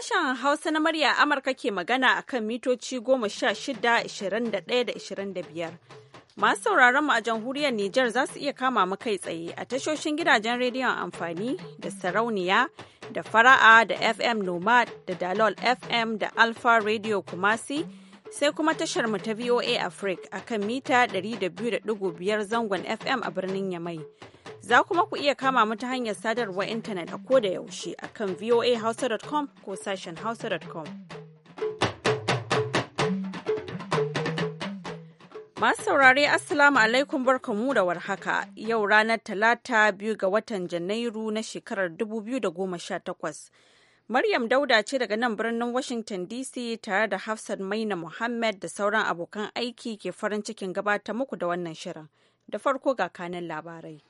Sashen Hausa na murya Amurka ke magana a kan mitoci goma sha shida, ishirin da ɗaya da ishirin da biyar. Masu sauraron mu a jamhuriyar Nijar za su iya kama mu kai tsaye a tashoshin gidajen rediyon amfani da sarauniya da fara'a da FM Nomad da Dalol FM da Alpha Radio Kumasi. sai kuma tashar mu ta VOA Africa a kan mita 200.5 zangon FM a birnin Yamai. Za kuma ku iya kama mu ta hanyar sadarwa intanet a ko da yaushe a kan voahausa.com ko sashen hausa.com. Masu saurare Assalamu alaikum barkamu da warhaka yau ranar talata biyu ga watan Janairu na shekarar 2018. Maryam Dauda ce daga nan birnin Washington DC tare da Hafsat Maina Muhammad da sauran abokan aiki ke farin cikin gabata muku da wannan shirin. Da farko ga kanan labarai.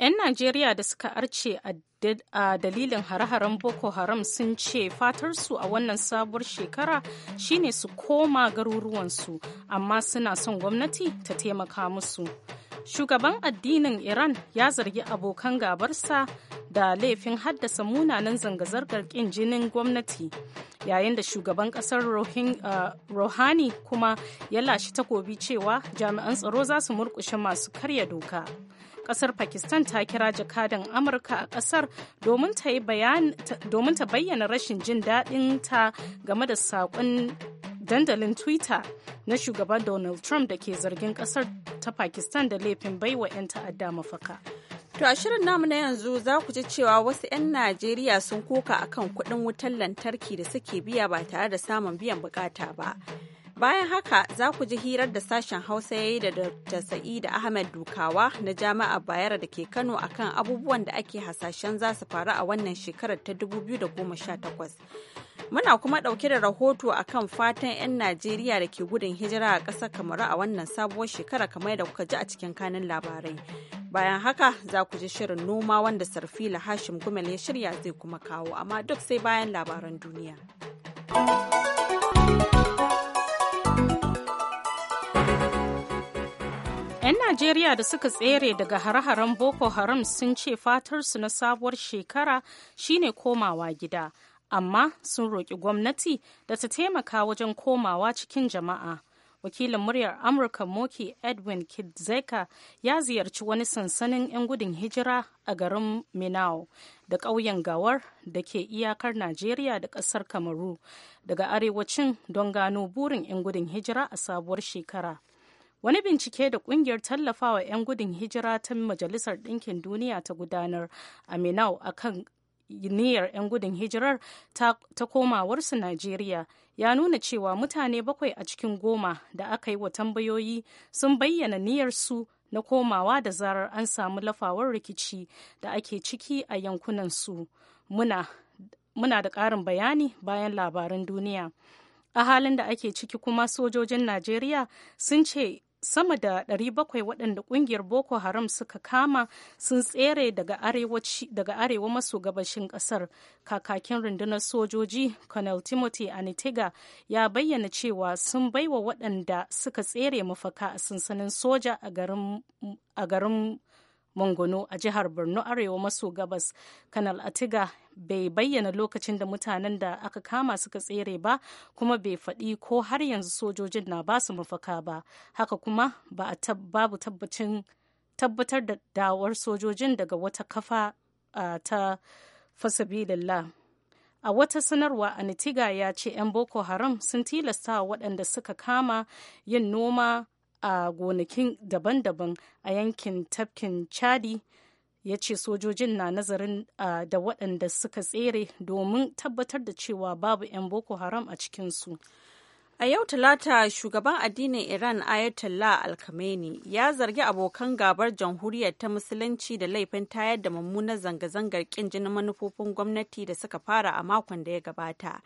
'Yan Najeriya da suka arce a a uh, dalilin hare-haren boko haram sun ce fatarsu a wannan sabuwar shekara shine su koma garuruwansu amma suna son gwamnati ta taimaka musu shugaban addinin iran ya zargi abokan gabarsa da laifin haddasa munanan zanga-zangar ƙin jinin gwamnati yayin da shugaban kasar rohani uh, kuma ya lashe takobi cewa jami'an tsaro za su murkushe masu karya doka kasar pakistan ta kira jakadan amurka a kasar domin ta bayyana rashin jin daɗin ta game da saƙon dandalin twitter na shugaban donald trump da ke zargin kasar ta pakistan da laifin baiwa 'yan ta'adda mafaka To a shirin namu na yanzu za ku ji cewa wasu 'yan Najeriya sun koka akan kuɗin wutar lantarki da suke biya ba tare da samun biyan bukata ba. Bayan haka za ku ji hirar da sashen Hausa ya yi da Dr. Sa'ida Ahmed Dukawa na Jami'a Bayero da ke Kano akan abubuwan da ake hasashen za su faru a wannan shekarar ta 2018. Muna kuma ɗauke da rahoto a kan fatan 'yan Najeriya da ke gudun hijira a ƙasar Kamaru a wannan sabuwar shekara kamar da kuka ji a cikin kanin labarai. Bayan haka za ku ji shirin noma wanda Sarfila Hashim Gumel ya shirya zai kuma kawo amma duk sai bayan labaran duniya. Najeriya da suka tsere daga hare-haren Boko Haram sun ce fatarsu na sabuwar shekara shine komawa gida, amma sun roƙi gwamnati da ta taimaka wajen komawa cikin jama'a. Wakilin muryar Amurka Moki Edwin Kidzeka ya ziyarci wani sansanin 'yan gudun hijira a garin Minau da ƙauyen Gawar da ke iyakar Najeriya da ƙasar Kamaru daga arewacin don gano burin 'yan gudun hijira a sabuwar shekara. Wani bincike da kungiyar tallafawa 'yan gudun hijira ta Majalisar Ɗinkin Duniya ta gudanar a Minau akan niyyar 'yan gudun hijirar ta komawarsu Najeriya ya nuna cewa mutane bakwai a cikin goma da aka yi wa tambayoyi sun bayyana niyyarsu na komawa da zarar an samu lafawar rikici da ake ciki a yankunansu. Muna, muna da ƙarin bayani bayan labarin duniya. A halin da ake ciki kuma sojojin Najeriya sun ce sama da 700 waɗanda ƙungiyar boko haram suka kama sun tsere daga arewa maso gabashin ƙasar kakakin rundunar sojoji colonel timothy anitega ya bayyana cewa sun baiwa waɗanda suka tsere mafaka a sansanin soja a garin mangono a jihar borno arewa maso gabas kanal atiga bai bayyana lokacin da mutanen da aka kama suka tsere ba kuma bai faɗi ko har yanzu sojojin na ba su mafaka ba haka kuma ba a babu tabbacin tabbatar da dawar sojojin daga wata kafa ta fasabilillah a wata sanarwa anitiga ya ce 'yan boko haram sun tilasta waɗanda suka kama yin noma a gonakin daban-daban a yankin tafkin chadi ya ce sojojin na nazarin da waɗanda suka tsere domin tabbatar da cewa babu 'yan boko haram a cikinsu a yau talata shugaban addinin iran ayatollah alkameni ya zargi abokan gabar jamhuriyar ta musulunci da laifin tayar da mummunar zanga-zangar kin jinin manufofin gwamnati da suka fara a makon da ya gabata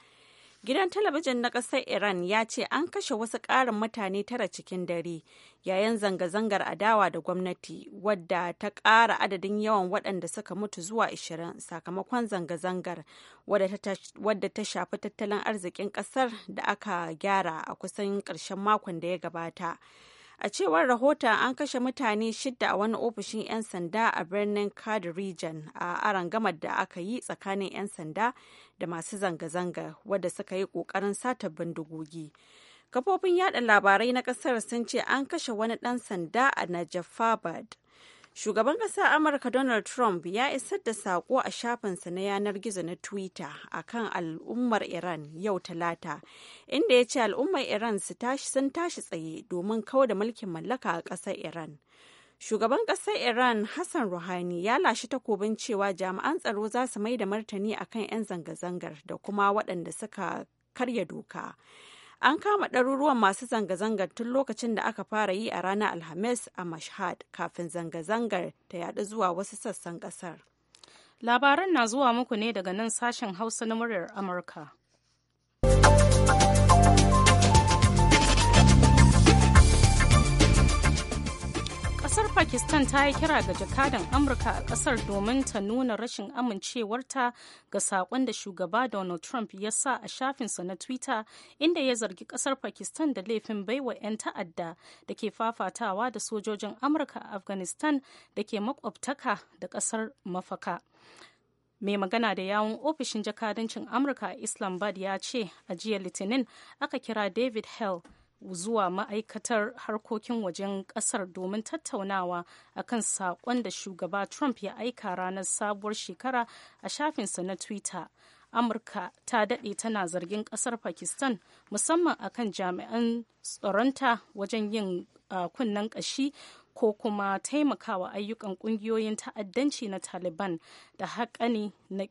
Gidan talabijin na ƙasar Iran ya ce an kashe wasu ƙarin mutane tara cikin dare yayin zanga-zangar adawa da gwamnati wadda ta ƙara adadin yawan waɗanda suka mutu zuwa 20 sakamakon zanga-zangar wadda ta shafi tattalin arzikin ƙasar da aka gyara a kusan ƙarshen makon da ya gabata. A cewar rahoton an kashe mutane shidda a wani ofishin 'yan sanda a birnin Card Region a arangamar da aka yi tsakanin 'yan sanda da masu zanga-zanga wadda suka yi ƙoƙarin sata bindigogi. Kafofin yada labarai na ƙasar sun ce an kashe wani ɗan sanda a Najafabad. Shugaban ƙasa Amurka Donald Trump ya isar da saƙo a shafinsa na yanar gizo na Twitter a kan al'ummar Iran yau Talata, inda ya ce al'ummar Iran sun tashi tsaye domin kawo da mulkin mallaka a ƙasar Iran. Shugaban ƙasar Iran Hassan Rouhani ya lashe takobin cewa jami'an tsaro za su mai da martani akan 'yan zanga-zangar da kuma waɗanda suka karya doka. an kama ɗaruruwan masu zanga-zangar tun lokacin da aka fara yi a ranar alhamis a mashhad kafin zanga-zangar ta yaɗu zuwa wasu sassan ƙasar labaran na zuwa muku ne daga nan sashen hausa na muryar amurka Kasar Pakistan ta yi kira ga jakadan Amurka a kasar domin ta nuna rashin amincewarta ga saƙon da shugaba Donald Trump ya sa a shafinsa na Twitter inda ya zargi kasar Pakistan da laifin baiwa 'yan ta'adda da ke fafatawa da sojojin Amurka a Afghanistan da ke makwabtaka da kasar mafaka. mai magana da yawun ofishin jakadancin amurka a islamabad ya ce a jiya litinin aka kira david hell zuwa ma'aikatar harkokin wajen kasar domin tattaunawa a kan saƙon da shugaba trump ya aika ranar sabuwar shekara a shafinsa na twitter amurka ta daɗe tana zargin ƙasar pakistan musamman akan jami'an tsaronta wajen yin uh, kunnen ƙashi ko kuma taimakawa ayyukan ƙungiyoyin ta'addanci na taliban da haƙƙani na,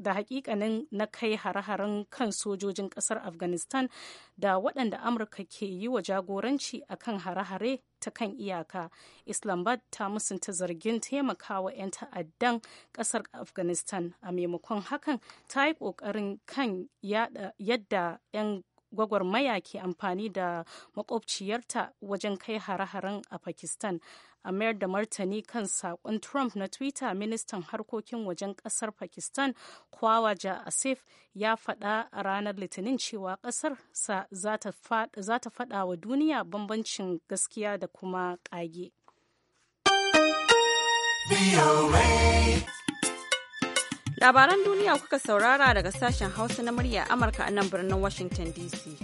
da hakikanin na kai hare kan sojojin kasar afghanistan da waɗanda amurka ke yi wa jagoranci a kan hare-hare ta kan iyaka islamabad ta musunta zargin taimakawa 'yan ta'addan kasar afghanistan a maimakon hakan ta yi ƙoƙarin kan yadda 'yan gwagwarmaya ke amfani da makwabciyarta wajen kai hare-haren a pakistan a mayar da martani kan saƙon trump na twitter ministan harkokin wajen ƙasar pakistan kwawaja asif ya faɗa a ranar litinin cewa kasar sa za ta faɗa wa duniya bambancin gaskiya da kuma ƙage. Labaran duniya kuka saurara daga sashen Hausa na murya Amurka a nan birnin Washington DC.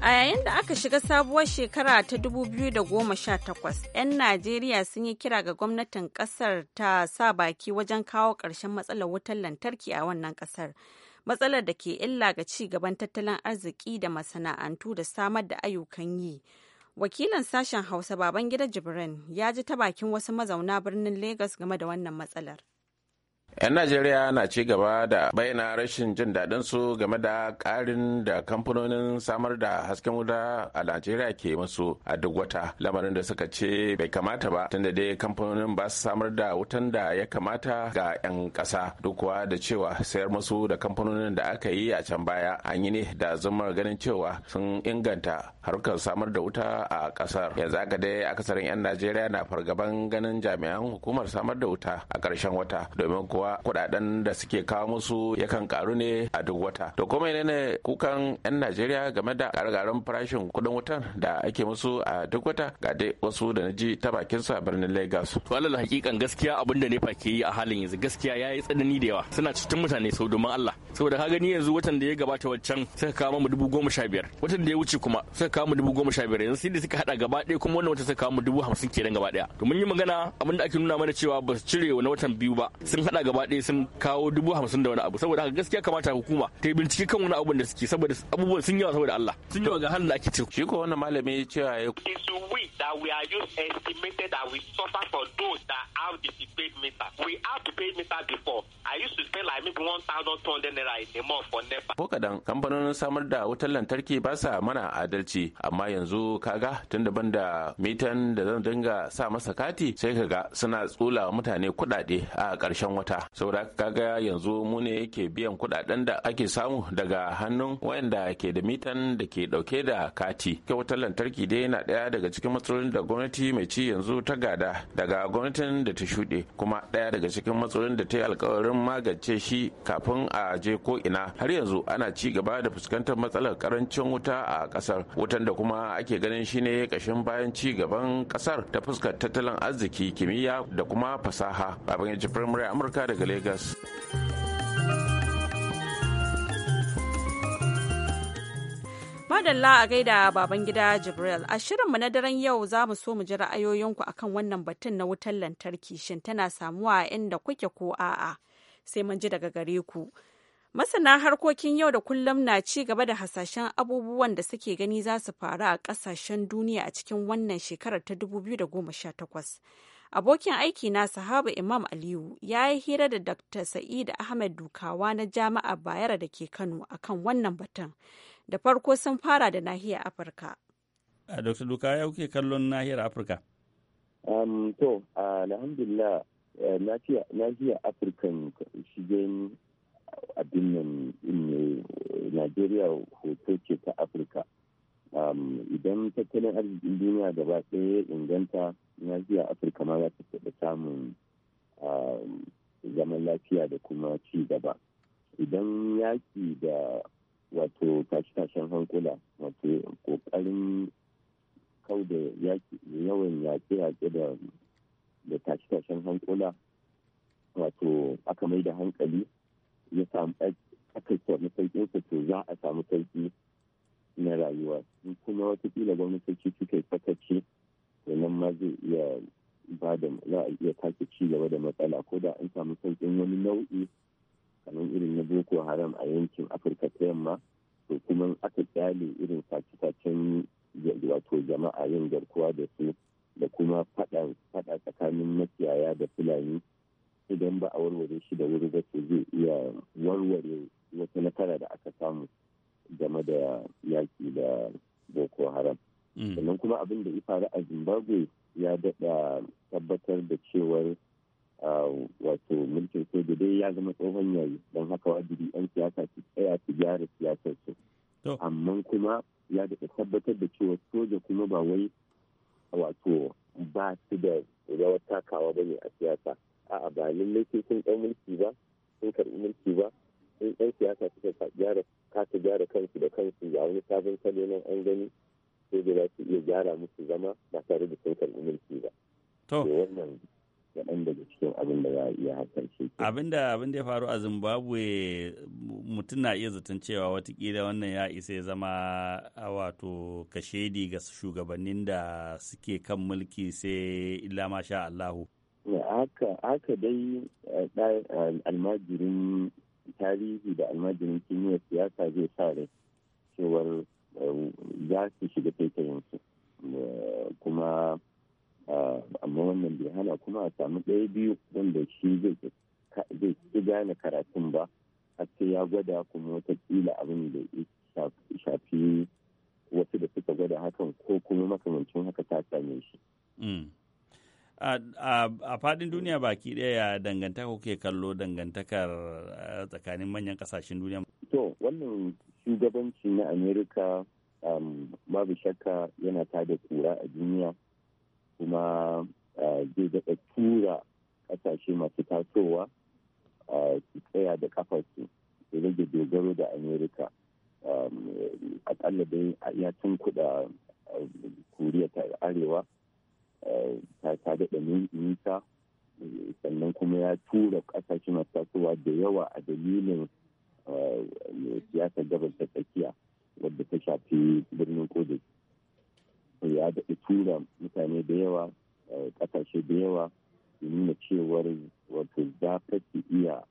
A yayin da aka shiga sabuwar shekara ta 2018, 'yan Najeriya sun yi kira ga gwamnatin kasar ta sa baki wajen kawo ƙarshen matsalar wutar lantarki a wannan kasar. Matsalar da ke illa ga ci gaban tattalin arziki da masana'antu da samar da ayyukan yi. Wakilan sashen Hausa baban Babangida Jibrin ya ji ta bakin wasu mazauna birnin Legas game da wannan matsalar. 'yan najeriya na ci gaba da bayyana rashin jin daɗin su game da ƙarin da kamfanonin samar da hasken wuta a najeriya ke musu a duk wata lamarin da suka ce bai kamata ba tunda dai kamfanonin ba su samar da wutan da ya kamata ga 'yan ƙasa duk kuwa da cewa sayar musu da kamfanonin da aka yi a can baya an yi ne da zumar ganin cewa sun inganta harkar samar da wuta a ƙasar yanzu aka dai akasarin 'yan najeriya na fargaban ganin jami'an hukumar samar da wuta a ƙarshen wata domin kuwa cewa kudaden da suke kawo musu yakan karu ne a duk wata to kuma ne kukan 'yan najeriya game da gargaren farashin kudin wutan da ake musu a duk wata ga dai wasu da na ji ta bakin su a birnin lagos to alal hakikan gaskiya abin da nefa ke yi a halin yanzu gaskiya ya yi tsanani da yawa suna cikin mutane sau domin allah saboda ka gani yanzu watan da ya gabata wancan suka kawo mu dubu goma sha biyar watan da ya wuce kuma suka kawo mu dubu goma sha biyar yanzu sai da suka hada gaba ɗaya kuma wannan wata suka kawo mu dubu hamsin kenan gaba ɗaya to mun yi magana abin da ake nuna mana cewa ba su cire wani watan biyu ba sun hada gaba gaba ɗaya sun kawo dubu hamsin da wani abu saboda haka gaskiya kamata hukuma ta yi bincike kan wani abun da suke saboda abubuwan sun yawa saboda Allah sun yawa ga halin da ake ciki. Shi ko wannan malami ya ce ya It's we that we are just estimated that we suffer for those that have the prepaid meter. 1,200 Ko kadan kamfanonin samar da wutar lantarki ba sa mana adalci amma yanzu kaga tun daban da mitan da zan dinga sa masa kati sai kaga suna tsula mutane kuɗaɗe a karshen wata. Saboda kaga yanzu mu ne yake biyan kuɗaɗen da ake samu daga hannun wayanda ke da mitan da ke ɗauke da kati. Ke wutar lantarki dai yana ɗaya daga cikin matsalolin da gwamnati mai ci yanzu ta gada daga gwamnatin da ta shuɗe kuma ɗaya daga cikin matsalolin da ta yi alkawarin magance shi kafin a je ko ina har yanzu ana ci gaba da fuskantar matsalar karancin wuta a kasar wutan da kuma ake ganin shine kashin bayan ci gaban kasar ta fuskar tattalin arziki kimiyya da kuma fasaha babban yaji firamare amurka daga lagos Madalla a gaida baban gida Jibril, a shirinmu na daren yau za mu so mu ji ra'ayoyinku akan wannan batun na wutar lantarki shin tana samuwa inda kuke ko a'a. sai mun ji daga gare ku. Masana harkokin yau da kullum na ci gaba da hasashen abubuwan da suke gani za su faru a kasashen duniya a cikin wannan shekarar ta 2018. Abokin aiki na sahaba Imam Aliyu ya yi hira da Dr. Sa'id Ahmed Dukawa na jama'a Bayero da ke Kano akan wannan batun. Da farko sun fara da nahiyar Afirka. Dr. Dukawa ya kuke kallon nahiyar Afirka? to, alhamdulillah nahiya eh, afirka shigen abin nan ne eh, najeriya hoto ce ta afirka idan tattalin arzikin duniya gaba ɗaya inganta nahiya afirka ma za ta taɓa samun zaman lafiya da kuma ci gaba idan yaki da wato tashen hankula wato ƙoƙarin kau da yawan yaƙe-yaƙe da da tashi tashen hankula wato aka mai da hankali ya samu aka samu sauƙinsa to za a samu sauƙi na rayuwa in kuma kila gwamnatoci suka yi sakaci nan ma zai iya ba da za a iya take ci gaba da matsala ko da an samu sauƙin wani nau'i kamar irin na boko haram a yankin afirka ta yamma to kuma aka kyale irin sace-sacen wato jama'a yin garkuwa da su da kuma fada tsakanin makiyaya da fulani idan ba a warware shi da wuri ba to zai iya warware wata nasara da aka samu game da yaki da boko haram mm. sannan kuma abin da faru a zimbabwe ya daɗa tabbatar da cewar wato mulkin soja dai ya zama tsohon yayi don haka wajibi 'yan siyasa su tsaya su gyara siyasar su amma kuma ya daɗa tabbatar da cewa soja kuma ba wai wato ba su da rawar takawa ba ne a siyasa a'a ba lallai sai sun ɗan mulki ba sun karɓi mulki ba sun ɗan siyasa suka gyara kasa gyara kansu da kansu a wani sabon salo nan an gani sai da za su iya gyara musu zama ba tare da sun karɓi mulki ba. To. Wannan kaɗan daga cikin abin da za a iya hasashe. Abin da abin da ya faru a Zimbabwe mutum na iya zaton cewa watakila wannan ya isa ya zama wato kashedi ga shugabannin da suke kan mulki sai illa sha Allahu. Haka dai eh, eh, almajirin tarihi da almajirin kimiyyar siyasa zai sa rai cewar eh, za su shiga taitayensu kuma Ah, amma wannan bai hana kuma a samu ɗaya biyu wanda shi zai ki gane karatun ba har ya gwada kuma watakila abin da ya shafi wasu da suka gwada hakan ko kuma makamancin haka ta same shi. Mm. a faɗin duniya baki ɗaya dangantaka kuke kallo dangantakar eh, tsakanin manyan ƙasashen duniya. To wannan shugabanci na Amerika um, babu shakka yana tada kura a duniya masu tasowa su tsaya da kafarsu su rage dogaro da amerika um, akalla dai ya cin kuɗa koriya ta arewa ta daɗe nisa sannan kuma ya tura ƙasashe masu tasowa da yawa a dalilin siyasar gabar ta tsakiya wadda ta shafi birnin kudus ya daɗe tura mutane da yawa ƙasashe da yawa su nuna cewar wato za ta iya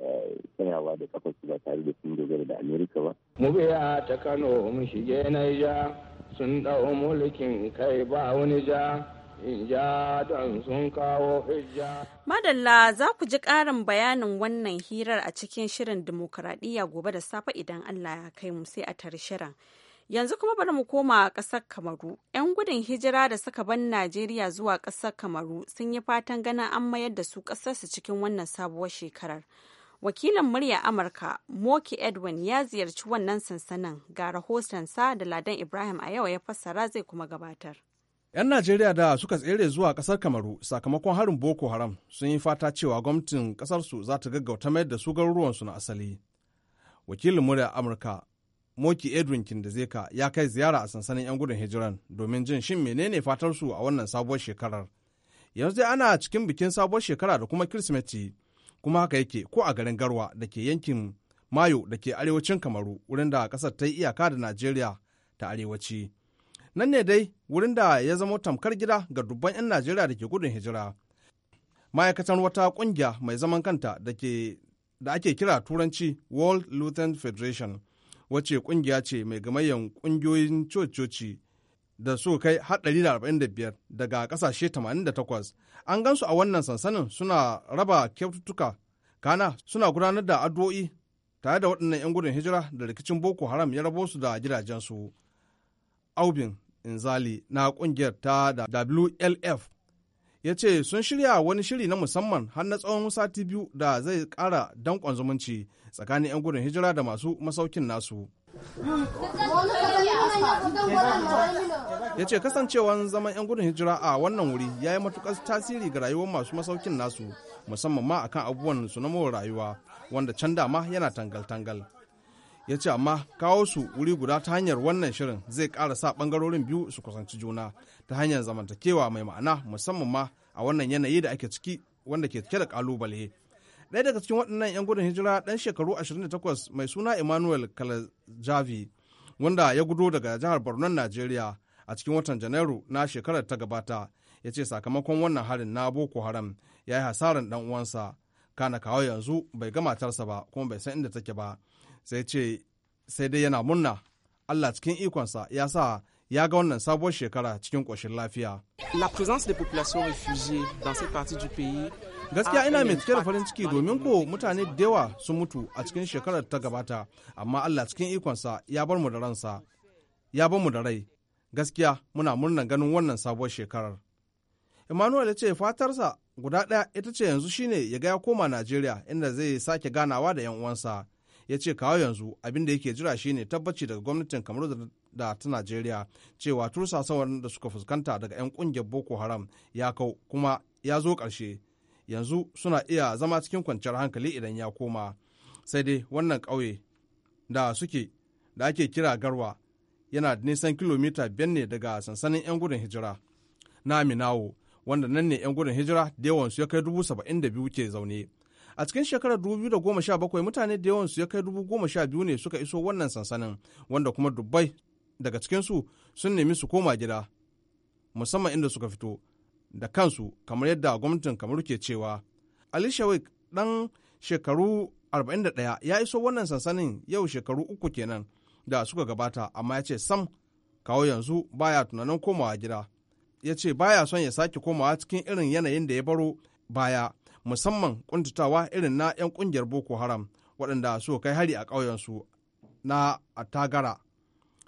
eh, tsayawa da su ba tare da sun dogara da amerika ba. mu biya ta kano mu shige naija sun ɗau mulkin kai ba wani ja ja don sun kawo hijja. madalla za ku ji ƙarin bayanin wannan hirar a cikin shirin dimokuraɗiyya gobe da safe idan allah ya kai mu sai a tare shirin. Yanzu kuma bari mu koma ƙasar Kamaru. 'Yan gudun hijira da suka ban Najeriya zuwa ƙasar Kamaru sun yi fatan ganin an mayar da su ƙasarsu cikin wannan sabuwar shekarar. Wakilin murya Amurka, Moki Edwin ya ziyarci wannan sansanin ga rahotonsa da Ladan Ibrahim a yau ya fassara zai kuma gabatar. 'Yan Najeriya da suka tsere zuwa kasar Kamaru sakamakon harin Boko Haram sun yi fata cewa gwamnatin kasarsu za ta gaggauta mayar da su garuruwansu na asali. Wakilin murya Amurka, moki edwin kindezeka ya kai ziyara a sansanin 'yan gudun hijiran domin jin shin menene fatar su a wannan sabuwar shekarar yanzu dai ana cikin bikin sabuwar shekara da kuma kirsimeti kuma haka yake ko a garin garwa da ke yankin mayo da ke arewacin kamaru wurin da kasar ta yi iyaka da najeriya ta arewaci nan ne dai wurin da ya zama tamkar gida ga dubban 'yan najeriya da ke gudun hijira ma'aikatan wata kungiya mai zaman kanta da ake kira turanci world lutheran federation wacce kungiya ce mai gamayyan kungiyoyin coci da su kai da 145 daga kasashe 88 an gansu a wannan sansanin suna raba kyaututtuka kana suna gudanar da addu'o'i tare da waɗannan 'yan gudun hijira da rikicin boko haram ya rabo su da gidajensu aubin inzali na ƙungiyar ta da wlf ya ce sun shirya wani shiri na musamman har na tsawon sati biyu da zai kara dankon zumunci tsakanin 'yan gudun hijira da masu masaukin nasu ya ce kasancewan zaman 'yan gudun hijira a wannan wuri ya yi matukar tasiri ga rayuwar masu masaukin nasu musamman ma akan abubuwan su na rayuwa wanda can dama yana tangal-tangal ya ce amma kawo su wuri guda ta hanyar wannan shirin zai kara sa bangarorin biyu su kusanci juna ta hanyar zamantakewa mai ma'ana musamman ma a wannan yanayi da ake ciki wanda ke cike da kalubale. ɗaya daga cikin waɗannan 'yan gudun hijira ɗan shekaru 28 mai suna emmanuel kalajavi wanda ya gudo daga jihar borno najeriya a cikin watan janairu na shekarar ta gabata ya ce sakamakon wannan harin na boko haram ya yi hasarar ɗan uwansa kana kawo yanzu bai ga matarsa ba kuma bai san inda take ba sai ce sai dai yana murna Allah cikin ikonsa ya sa ya ga wannan sabuwar shekara cikin ƙoshin lafiya. La présence des populations réfugiées dans cette partie du pays gaskiya ina mai cike da farin ciki domin ko mutane da yawa sun mutu a cikin shekarar ta gabata amma Allah cikin ikonsa ya bar mu da ransa ya bar mu da rai gaskiya muna murnan ganin wannan sabuwar shekarar Emmanuel ya ce fatarsa guda ɗaya ita ce yanzu shine ya ga ya koma Najeriya inda zai sake ganawa da 'yan uwansa ya ce kawo yanzu abin da yake jira shine tabbaci daga gwamnatin kamar da ta najeriya cewa tursasawar da suka fuskanta daga 'yan kungiyar boko haram ya kau kuma ya zo karshe yanzu suna iya zama cikin kwanciyar hankali idan ya koma sai dai wannan ƙauye da suke da ake kira garwa yana da nisan kilomita biyar ne daga sansanin 'yan gudun hijira na minawo wanda nan ne 'yan gudun hijira da yawansu ya kai dubu saba'in da biyu ke zaune a cikin shekarar 2017 mutane da yawan su ya kai 12,000 ne suka iso wannan sansanin wanda kuma dubbai daga cikinsu sun nemi su koma gida musamman inda suka fito da kansu kamar yadda gwamnatin kamar ke cewa ali shawik dan shekaru 41 ya iso wannan sansanin yau shekaru uku kenan da suka gabata amma ya ce sam kawo yanzu baya tunanin komawa gida ya ce baya son ya sake komawa cikin irin yanayin da ya baro baya musamman kuntatawa irin na 'yan kungiyar boko haram waɗanda su kai hari a ƙauyensu na atagara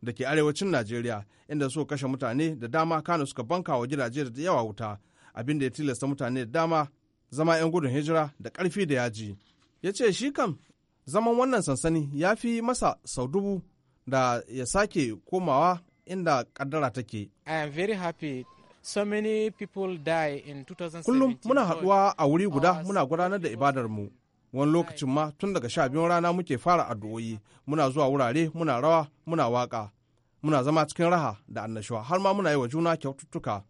da ke arewacin najeriya inda su kashe mutane da dama kano suka banka wa gidaje da yawa wuta abinda ya tilasta mutane da dama zama 'yan gudun hijira da ƙarfi da yaji ya ce shi kam zaman wannan sansani ya fi masa sau dubu da ya sake komawa inda kaddara take. I am very happy Kullum muna haduwa a wuri guda muna gudanar da ibadarmu. Wani lokacin ma tun daga sha biyun rana muke fara addu'o'i, muna zuwa wurare, muna rawa, muna waƙa, muna zama cikin raha da annashuwa, har ma muna yi wa juna kyaututtuka.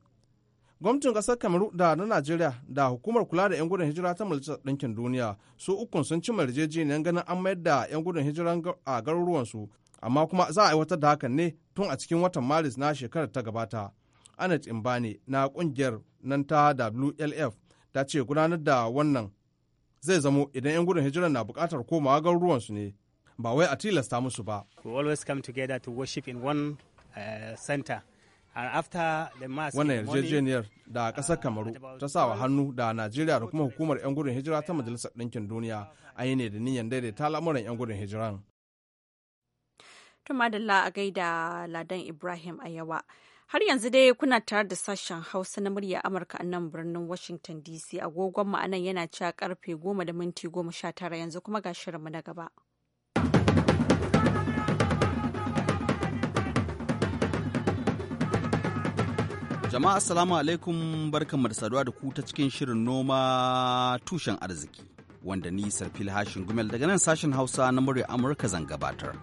Gwamnatin ƙasar Kamaru da na Najeriya da hukumar kula da 'yan gudun hijira ta Majalisar Ɗinkin Duniya su ukun sun cimma yarjejeniyar ganin an mayar da 'yan gudun hijirar a garuruwansu, amma kuma za a aiwatar da hakan ne tun a cikin watan Maris na shekarar ta gabata. anet imbani na kungiyar nan ta wlf ta ce gudanar da wannan zai zamo idan 'yan gudun hijira na bukatar komawa su ne ba wai a tilasta musu ba eh, Wannan yarjejeniyar da uh, ƙasar Kamaru ta sawa hannu da Najeriya da kuma hukumar 'yan gudun hijira ta Majalisar Ɗinkin Duniya a yi ne da niyyar daidaita lamuran 'yan gudun hijiran. Tumadalla a gaida Ladan Ibrahim a yawa Har yanzu dai kuna tare da sashen Hausa na murya Amurka a nan birnin Washington DC agogon mu anan yana cewa karfe goma da minti goma sha tara yanzu kuma ga shirinmu na gaba. Jama'a assalamu alaikum barkanmu da saduwa da ku ta cikin shirin noma tushen arziki wanda ni Sarfil Hashin Gumel daga nan sashen Hausa na murya Amurka zan gabatar.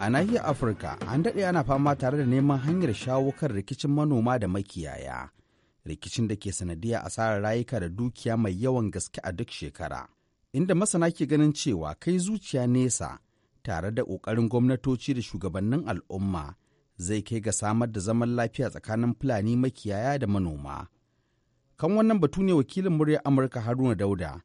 A nahiyar Afirka an daɗe ana fama tare da neman hanyar shawo kan rikicin manoma da makiyaya. Rikicin da ke sanadiyar asarar rayuka da dukiya mai yawan gaske a duk shekara. Inda masana ke ganin cewa kai zuciya nesa tare da ƙoƙarin gwamnatoci da shugabannin al'umma zai kai ga samar da zaman lafiya tsakanin Fulani makiyaya da manoma. Kan wannan batu ne wakilin muryar Amurka Haruna Dauda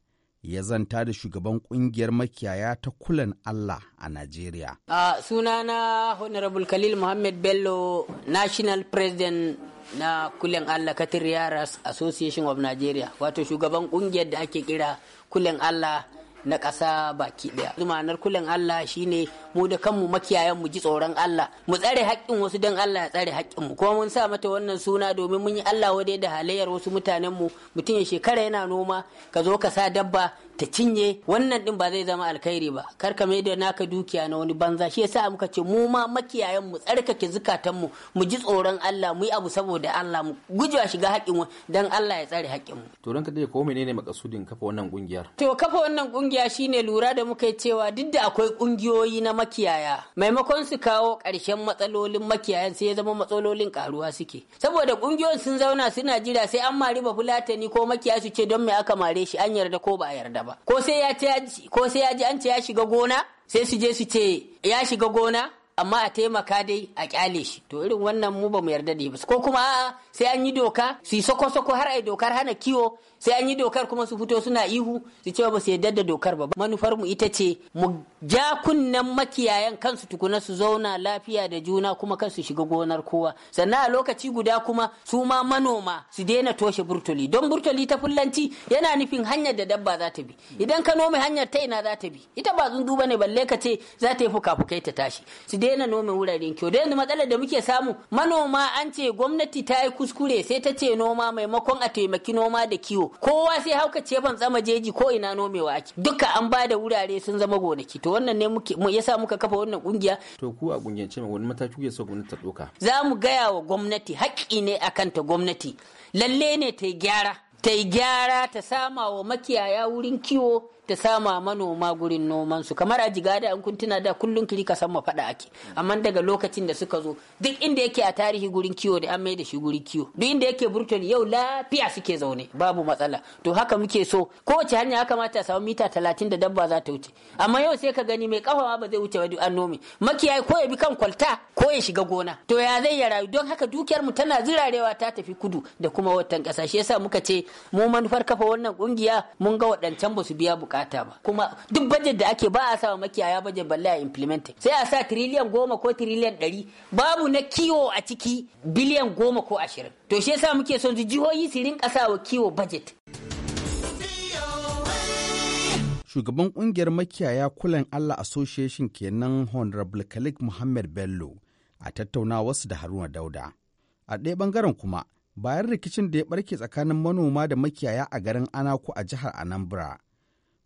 ya zanta da shugaban kungiyar makiyaya ta kulan Allah a Najeriya. suna sunana Honorable Khalil Muhammad Bello, National President na kulen Allah Katir Yaras Association of Nigeria, wato shugaban kungiyar da ake kira kulen Allah na ƙasa baki ɗaya. zumanar kullum Allah shine mu da kanmu makiyayan mu ji tsoron Allah mu tsare haƙƙin wasu don Allah ya tsare haƙƙin mu kuma mun sa mata wannan suna domin mun yi Allah wadai da halayyar wasu mutanen mu mutum ya shekara yana noma ka zo ka sa dabba ta cinye wannan din ba zai zama alkhairi ba kar ka mai da naka dukiya na wani banza shi yasa muka ce mu ma makiyayan mu tsarkake zukatan mu mu ji tsoron Allah mu yi abu saboda Allah mu gujewa shiga haƙin dan Allah ya tsare haƙin mu to ranka dai ko menene makasudin kafa wannan kungiyar to kafa wannan kungiya shine lura da muka yi cewa duk da akwai kungiyoyi na makiyaya maimakon su kawo ƙarshen matsalolin makiyayan sai ya zama matsalolin karuwa suke saboda kungiyoyin sun zauna suna jira sai an mari ba fulatani ko makiyaya su ce don me aka mare shi an yarda ko ba a yarda ba ko sai ya ce an ce ya shiga gona sai su je su ce ya shiga gona amma a taimaka dai a kyale shi to irin wannan mu ba mu yarda da ba ko kuma a'a sai an yi doka su soko soko har ai dokar hana kiwo sai an yi dokar kuma su fito suna ihu su ce ba su yarda da dokar ba manufar mu ita ce mu ja kunnen makiyayan kansu tukuna su zauna lafiya da juna kuma kansu shiga gonar kowa sannan a lokaci guda kuma su ma manoma su daina toshe burtuli don burtuli ta fullanci yana nufin hanyar da dabba za ta bi idan ka nome hanyar ta ina za ta bi ita ba zundu ne balle ka ce za ta yi fuka-fukai ta tashi daina nome wuraren kyau da yanzu matsalar da muke samu manoma an ce gwamnati ta yi kuskure sai ta ce noma maimakon a taimaki noma da kiwo kowa sai hauka ce ban tsama jeji ko ina nomewa ake duka an ba da wurare sun zama gonaki to wannan ne muke yasa muka kafa wannan kungiya to ku a kungiyar ce wani mataki kuke so gwamnati ta doka za mu gaya wa gwamnati haƙƙi ne a kanta gwamnati lalle ne ta yi gyara ta yi gyara ta sama wa makiyaya wurin kiwo ta sama manoma gurin noman su kamar a jigada an kuntuna da kullun kiri ka san faɗa ake amma daga lokacin da suka zo duk inda yake a tarihi gurin kiwo da an mai da shi gurin kiwo duk inda yake burton yau lafiya suke zaune babu matsala to haka muke so kowace hanya ya kamata a samu mita talatin da dabba za ta wuce amma yau sai ka gani mai kafa ba zai wuce ba duk an nome makiyayi ko ya bi kan kwalta ko ya shiga gona to ya zai ya rayu don haka dukiyar mu tana zirarewa ta tafi kudu da kuma watan kasashe yasa muka ce mu manufar kafa wannan kungiya mun ga waɗancan ba su biya bukata bukata ba kuma duk budget da ake ba a sa wa makiyaya budget balle a implement sai a sa tiriliyan goma ko tiriliyan ɗari babu na kiwo a ciki biliyan goma ko ashirin to shi yasa muke son jihohi su rinka sa wa kiwo budget shugaban kungiyar makiyaya kulan Allah Association kenan Honorable Khalid Muhammad Bello a tattauna wasu da Haruna Dauda. A ɗaya bangaren kuma, bayan rikicin da ya barke tsakanin manoma da makiyaya a garin Anako a jihar Anambra,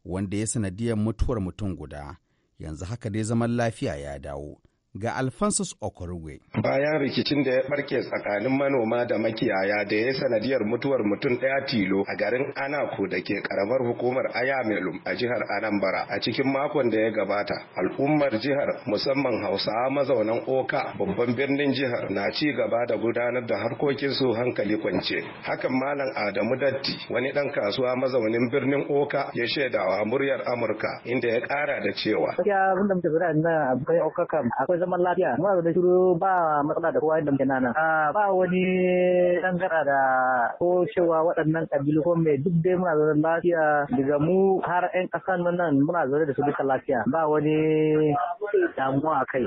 wanda ya sanadiyar mutuwar mutum guda yanzu haka dai zaman lafiya ya dawo ga Alphonsus Okorogwe. Bayan rikicin da ya barke tsakanin manoma da makiyaya da ya sanadiyar mutuwar mutum ɗaya tilo a garin Anako da ke karamar hukumar Ayamelum a jihar Anambra a cikin makon da ya gabata, al'ummar jihar musamman Hausawa mazaunan Oka babban birnin jihar na ci gaba da gudanar da harkokin su hankali kwance. Hakan Malam Adamu Datti wani ɗan kasuwa mazaunin birnin Oka ya shaidawa muryar Amurka inda ya ƙara da cewa. zaman lafiya muna da shiru ba matsala da kowa yadda muke nan ah, ba wani gara da ko cewa waɗannan kabilu ko mai duk dai muna zaune lafiya daga mu har 'yan ƙasan nan muna zaune da su duka lafiya ba wani damuwa a kai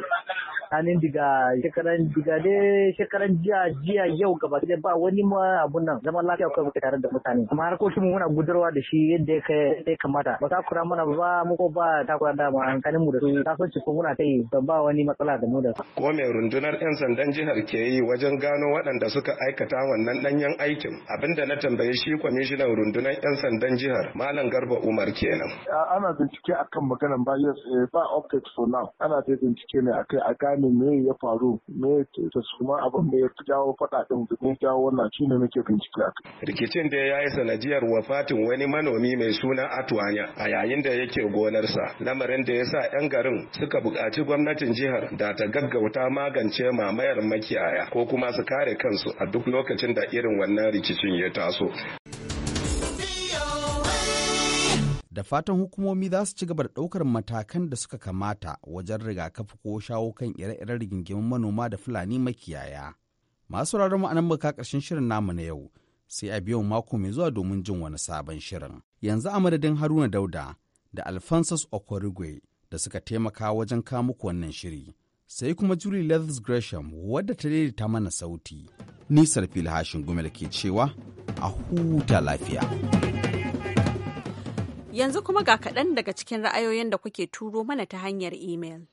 tsakanin diga shekaran diga dai shekaran jiya jiya yau gaba da ba wani ma abun nan Zama lafiya kawai muka tare da mutane amma harkokin mu muna gudarwa da shi yadda ya kamata ba takura mana ba mu ko ba takura da mu hankalin mu da su kasuwanci ko muna ta yi ba wani matsala da mu da su. ko mai rundunar yan sandan jihar ke yi wajen gano waɗanda suka aikata wannan danyen aikin abinda na tambayi shi kwamishinan rundunar yan sandan jihar malam garba umar kenan. ana bincike akan maganan ba eh, ba update for now ana bincike ne akai a gane bayanin me ya faru me ta suma abin da ya jawo fada ɗin da ya jawo wannan shi ne muke bincike a Rikicin da ya yi sanadiyar wafatin wani manomi mai suna Atuanya a yayin da yake gonarsa lamarin da ya sa 'yan garin suka buƙaci gwamnatin jihar da ta gaggauta magance mamayar makiyaya ko kuma su kare kansu a duk lokacin da irin wannan rikicin ya taso. da fatan hukumomi za su ci gaba da ɗaukar matakan da suka kamata wajen rigakafi ko shawo kan ire-iren rigingimin manoma da fulani makiyaya. Masu rarar ma'anar muka ƙarshen shirin namu na yau sai a biyan mako mai zuwa domin jin wani sabon shirin. Yanzu a madadin Haruna Dauda da Alphonsus Okorigwe da suka taimaka wajen muku wannan shiri. Sai kuma Julie Leathers Gresham wadda ta daidaita mana sauti. Nisar Filhashin Gumel ke cewa a huta lafiya. Yanzu kuma ga kaɗan daga cikin ra'ayoyin da kuke turo mana ta hanyar imel.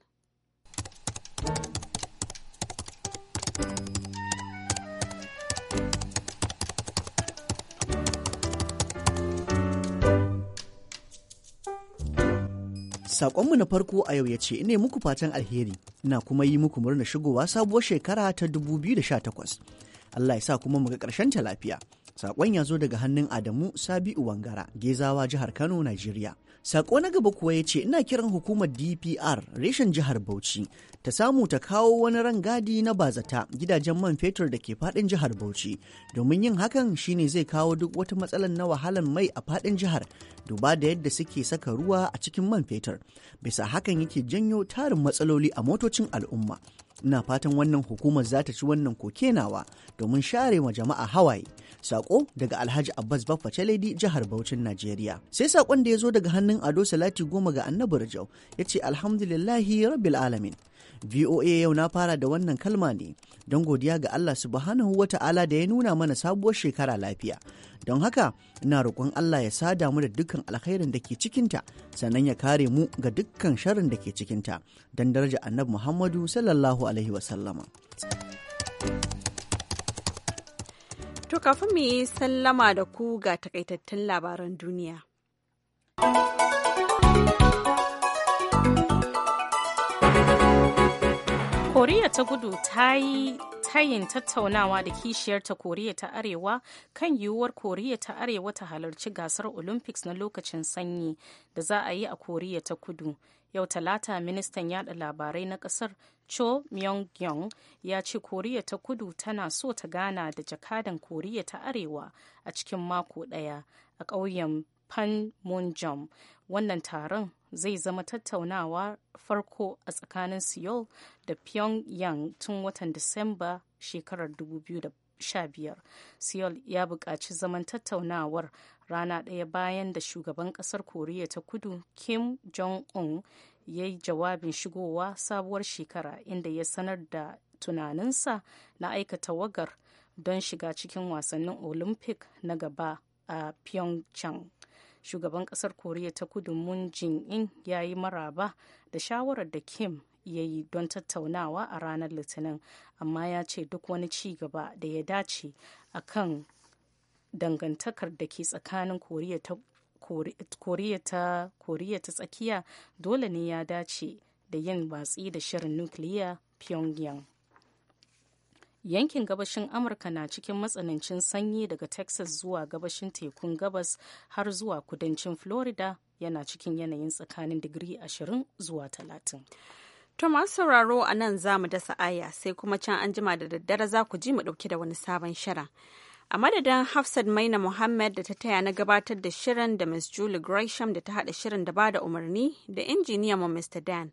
Saƙonmu na farko a yau ya ce ne muku fatan alheri ina kuma yi muku murna shigowa sabuwar shekara ta 2018. Allah ya sa kuma muka ƙarshen ta lafiya. Sakon ya zo daga hannun Adamu Sabi'u Wangara, Gezawa jihar Kano, Najeriya. Sako na gaba kuwa ya ce ina kiran hukumar DPR reshen jihar Bauchi ta samu ta kawo wani rangadi na bazata gidajen man fetur da ke fadin jihar Bauchi domin yin hakan shine zai kawo duk wata matsalar na wahalan mai a fadin jihar duba da yadda suke saka ruwa a cikin man fetur bisa hakan yake janyo tarin matsaloli a motocin al'umma. ina fatan wannan hukumar za ta ci wannan kokenawa domin share wa jama'a hawaye sako daga alhaji abbas baffa chaledi jihar Bauchin najeriya sai sakon da ya zo daga hannun ado salati goma ga annabi rajau ya ce alhamdulillahi rabbil alamin voa yau na fara da wannan kalma ne don godiya ga allah subhanahu wa ta'ala da ya nuna mana sabuwar shekara lafiya don haka ina roƙon Allah ya sada mu da dukkan alkhairin da ke cikinta sannan ya kare mu ga dukkan sharrin da ke cikinta don daraja annabi Muhammadu sallallahu alaihi wasallama. To kafin mu yi sallama da ku ga takaitattun labaran duniya. Koriya ta gudu ta yi tayin tattaunawa da kishiyarta koriya ta arewa kan yiwuwar koriya ta arewa ta halarci gasar olympics na lokacin sanyi da za a yi a koriya ta kudu yau talata ministan yada labarai na kasar cho myong yong ya ce koriya ta kudu tana so ta gana da jakadan koriya ta arewa a cikin mako daya a ƙauyen panmunjom wannan taron zai zama tattaunawa farko a tsakanin seoul da pyongyang tun watan disamba shekarar 2015 seoul ya buƙaci zaman tattaunawar rana ɗaya bayan da shugaban ƙasar koriya ta kudu kim jong-un ya yi jawabin shigowa sabuwar shekara inda ya sanar da tunaninsa na aikata wagar don shiga cikin wasannin olympic na gaba a pyeongchang shugaban kasar koriya ta kudu moon in ya yi maraba da shawarar da kim ya yi don tattaunawa a ranar litinin amma ya ce duk wani ci gaba da ya dace a kan dangantakar da ke tsakanin koriya ta ta tsakiya dole ne ya dace da yin watsi da shirin nukiliya pyongyang yankin gabashin amurka na cikin matsanancin sanyi daga texas zuwa gabashin tekun gabas har zuwa kudancin florida yana cikin yanayin tsakanin digiri 20 zuwa 30 To masu sauraro a nan za mu dasa aya sai kuma can an jima da daddare za ku ji mu ɗauki da wani sabon shirin. A madadin Hafsat Maina Muhammad da ta taya na gabatar da shirin da Miss Julie Gresham da ta haɗa shirin da ba da umarni da injiniyan mu Mr. Dan